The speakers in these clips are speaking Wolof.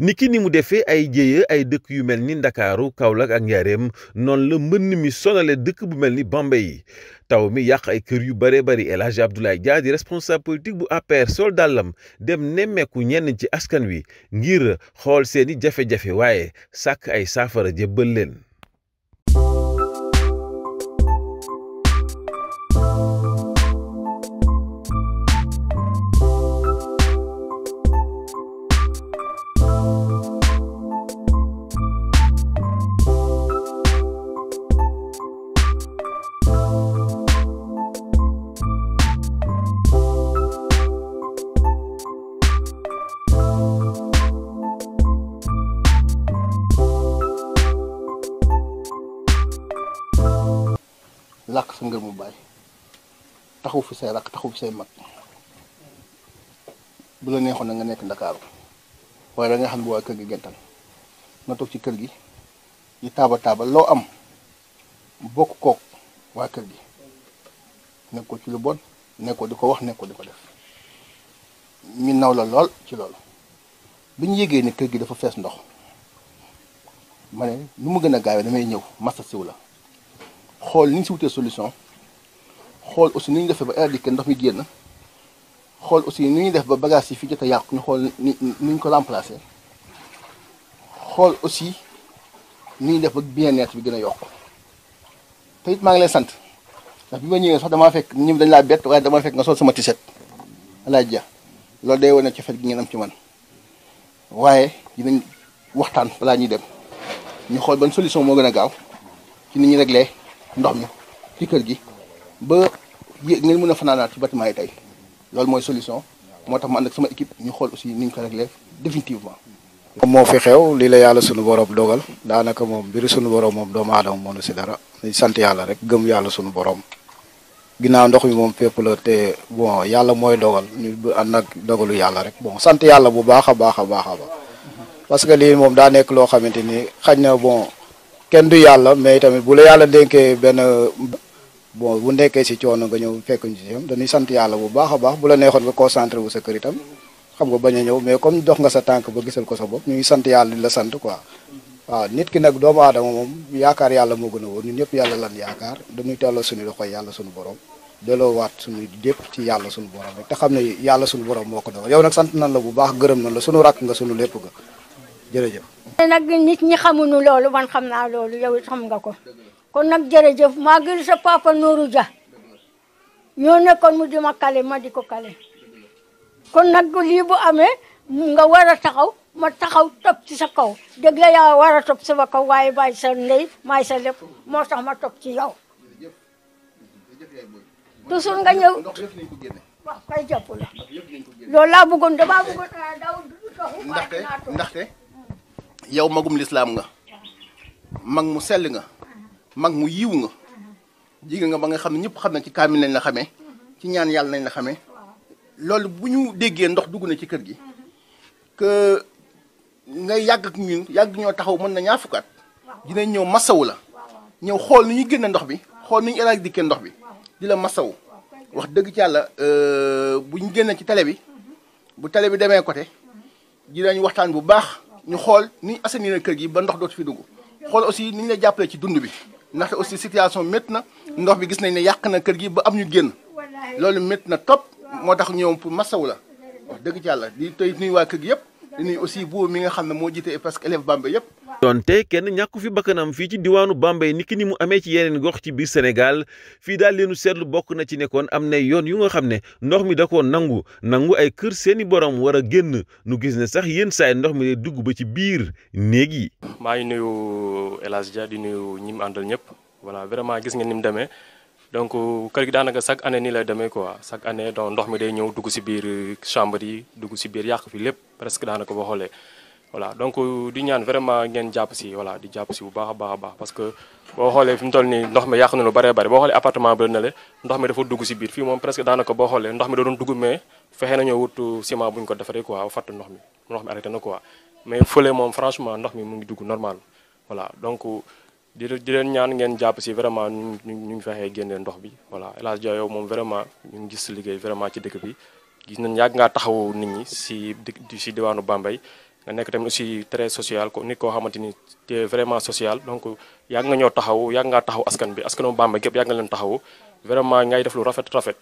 ki ni mu defee ay jéeya ay dëkk yu mel ni ndakaaru Kaolack ak am noonu la mbënn mi sonale dëkk bu mel ni Bambey yi taw mi yàq ay kër yu bare bari El Hadj Abdoulaye Dia di responsable politique bu APR sol dàllam dem nemmeeku ñenn ci askan wi ngir xool seeni jafe-jafe waaye sàkk ay saafara jébbal leen làkk sa ngërmu baay taxu fi say rakk taxu fi say mag bu la neexoon na nga nekk ndakaaru waaye da nga xam ne bu waa kër gi gental na toog ci kër gi di taabal taabal loo am bokk kook waa kër gi nekk ko ci lu bon nekk di ko wax nekk di ko def ñu naw la lool ci loolu bi ñu yégee ne kër gi dafa fees ndox ma ne nu mu gën a gaawee damay ñëw massa siw la xool ni ñu si wutee solution xool aussi ni ñu defee ba éradiquer ndox mi génn xool aussi ni ñuy def ba bagage yi fi jot a yàqu ñu xool ni ñu ko remplacer xool aussi ni ñuy def ba bien-être bi gën a yokk te it maa ngi lay sant ndax bi ma ñëwee sax damaa fekk ñoom dañ laa bett waaye dama fekk nga sol sama tiset alaaj ja loolu day wone ci fet gi ngeen am ci man waaye dinañ waxtaan balaa ñuy dem ñu xool ban solution moo gën a gaaw ci ni ñuy réglé ndox mi ci kër gi ba ngeen mën a fanaanaat ci bâtiment yi tey loolu mooy solution moo tax ma ànd ak sama équipe ñu xool aussi ni ñu ko réglé définitivement. moom moo fi xew lii la yàlla sunu borom dogal daanaka moom mbiru sunu borom moom doomu aadama mënu si dara ñu sant yàlla rek gëm yàlla sunu borom ginnaaw ndox mi moom fépp la te bon yàlla mooy dogal ñu ànd dogalu yàlla rek bon sant yàlla bu baax a baax a baax a baax parce que lii moom daa nekk loo xamante ni xaj na bon. kenn du yàlla mais tamit bu la yàlla dénkee benn bon bu nekkee si coono nga ñëw fekk ñu si dañuy sant yàlla bu baax a baax bu la neexoon nga concentré wu sa kër itam xam nga bañ a ñëw mais comme dox nga sa tànk ba gisal ko sa bopp ñu ngi sant yàlla la sant quoi. waaw nit ki nag doomu aadama moom yaakaar yàlla moo gën a wóor ñun ñëpp yàlla lan yaakaar dañuy telloo suñu loxo yàlla suñu borom delloo waat suñu dépp ci yàlla suñu borom te xam ne yàlla suñu borom moo ko doon yow nag sant nan la bu baax gërëm nan la suñu rakk nga suñu lépp nga jërëjëf. nag nit ñi nu loolu man xam naa loolu yow xam nga ko kon nag jërëjëf maa ngi sa papa Nourou Dia ñoo nekkoon mu di ma kale ma di ko kale kon nag lii bu amee nga war a taxaw ma taxaw topp ci sa kaw dégg la yaa war a topp sama kaw waaye baay sa ndey maay sa lépp moo tax ma topp ci yow toujours nga ñëw waaw kay jàpp la loolu bëggoon damaa bëggoon ah, daaw ndaxte yow magum lislaam nga mag mu sell nga mag mu yiw nga jigéen nga ba nga xam ne ñëpp xam na ci kaamil lañ la xamee ci ñaan yàlla nañ la xamee loolu bu ñu déggee ndox dugg na ci kër gi que ngay yàgg ak yàgg ñoo taxaw mën na ñaar fukk at dinañ ñëw masawu la ñëw xool nu ñuy génne ndox bi xool nu ñu éradiquer ndox bi di la masawu wax dëgg ci yàlla euh, bu ñu génne ci télé bi bu télé bi demee côté dinañ waxtaan bu baax ñu xool ni assainir kër gi ba ndox dootu fi dugg xool aussi ni ñu la jàppalee ci dund bi ndaxte aussi situation métti na ndox bi gis nañ ne yàq na kër gi ba am ñu génn loolu métti na topp moo tax ñëw pour masawu la dëgg ci yàlla di tey nuyu waa kër gi yëpp di nuyu aussi boobu mi nga xam ne moo jiite parce que élève Bambey yëpp. tey kenn ñàkku fi bakkanam fii ci diwaanu Bambey niki ni mu amee ci yeneen gox ci biir senegal fii daal leenu seetlu bokk na ci nekkoon am na yoon yu nga xam ne ndox mi da koo nangu nangu ay kër seeni borom war a génn nu gis ne sax yenn saa ndox mi dugg ba ci biir néeg yi. maa ngi nuyu El Hadj Dia di nuyu ñi mu àndal ñëpp voilà vraiment gis ngeen ni mu demee. donc kër gi daanaka chaque année ni lay demee quoi chaque année donc ndox mi day ñëw dugg si biir chambre yi dugg si biir yàq fi lépp presque daanaka boo xoolee voilà donc di ñaan vraiment ngeen jàpp si voilà di jàpp si bu baax a baax a baax parce que boo xoolee fi mu toll nii ndox mi yàq na lu bëree bëri boo xoolee appartement bi na le ndox mi dafa dugg si biir fii moom presque daanaka boo xoolee ndox mi da doon dugg mais fexe nañoo wut ciment bu ko defaree quoi fatt ndox mi ndox mi arrêté na quoi mais franchement ndox mi mu ngi dugg normal voilà donc di di leen ñaan ngeen jàpp si vraiment ñu ñu ñu fexee génne ndox bi voilà El Hadj yow moom vraiment ñu ngi gis liggéey vraiment ci dëkk bi gis nañ yàgg ngaa taxawu nit ñi si di si diwaanu Bambey nga nekk tamit aussi très social ko nit koo xamante ni te vraiment social donc yàgg nga ñoo taxaw yàgg ngaa taxaw askan bi askanu Bambey gépp yàgg nga leen taxaw vraiment ngay def lu rafet rafet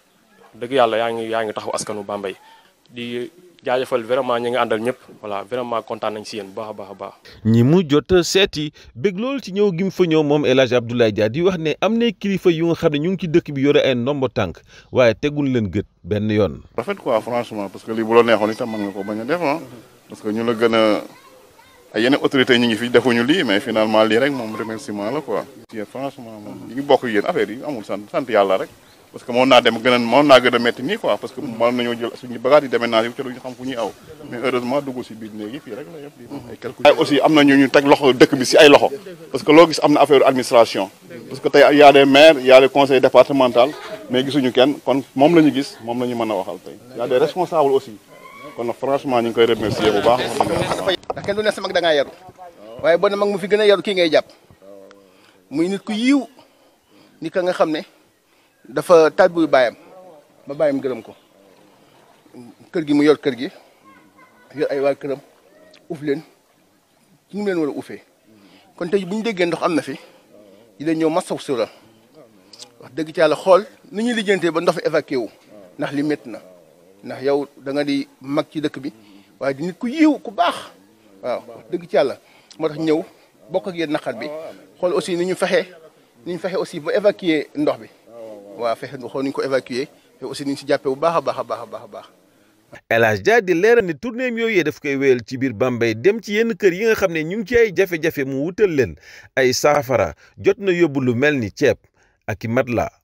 dëgg yàlla yaa ngi yaa ngi taxaw askanu Bambey di jaajëfal vraiment ñu ngi àndal ñëpp voilà vraiment kontaan nañ si yéen baax a baax a baax. ñi mu jot seeti bëgg loolu ci ñëw gi mu fa moom El Hadj Abdoulaye Dia di wax ne am na kilifa yu nga xam ne ñu ngi ci dëkk bi yore ay ndombo tànk waaye tegul leen gët benn yoon. a rafet quoi franchement parce que lii bu la neexoon itam mën nga ko bañ a def ah. parce que ñu la gën a ay yeneen autorités ñu ngi fi defuñu lii mais finalement lii rek moom remerciement la quoi. franchement ñu bokk yéen affaire yi amul sant sant yàlla rek. parce que mën na dem gën a na gëna metti ni quoi parce que mën nañu jël suñu bagaat yi démé na te duñu xam fuñu aw mais heureusement dugg ci biir néegi fi rek la yépp di mm-hmm. ay quelques ay aussi amna ñu ñu teg loxo dëkk bi ci ay loxo parce que lo gis amna affaire administration parce que tey y a des maires y a des conseils départemental mais gisunu kenn kon mom lañu gis mom lañu mëna mën a waxal tey y a des responsables aussi kon franchement ñu koy remercier bu baax da kenn lu ne sa mag da nga yaru waaye bon mag mu fi gëna yaru ki ngay japp muy nit ku yiw ni ka nga xamne dafa taaj buy bàyyam ba bàyyam gërëm ko kër gi mu yor kër gi yor ay waa këram uf leen ci ñu leen war a ufee kon tey bu ñu déggee ndox am na fi yi dañ ñëw masaw sura wax dëgg ci yàlla xool ni ñuy lijjantee ba ndox mi évacué wu ndax li métti na ndax yow danga di mag ci dëkk bi waaye di nit ku yiw ku baax waaw wax dëgg ci yàlla moo tax ñëw bokk ak yéen naqar bi xool aussi ni ñu fexe ni ñu fexe aussi ba évacuer ndox bi waa fexe nga xool ñu ko évacuer te aussi ñu si jàppee bu baax a baax a baax a baax. El Hadj Dia di leeral ni tournéem yooyu daf koy wéyal ci biir Bambey dem ci yenn kër yi nga xam ne ñu ngi ci ay jafe-jafe mu wutal leen ay saafara jot na yóbbu lu mel ni ceeb ak mat la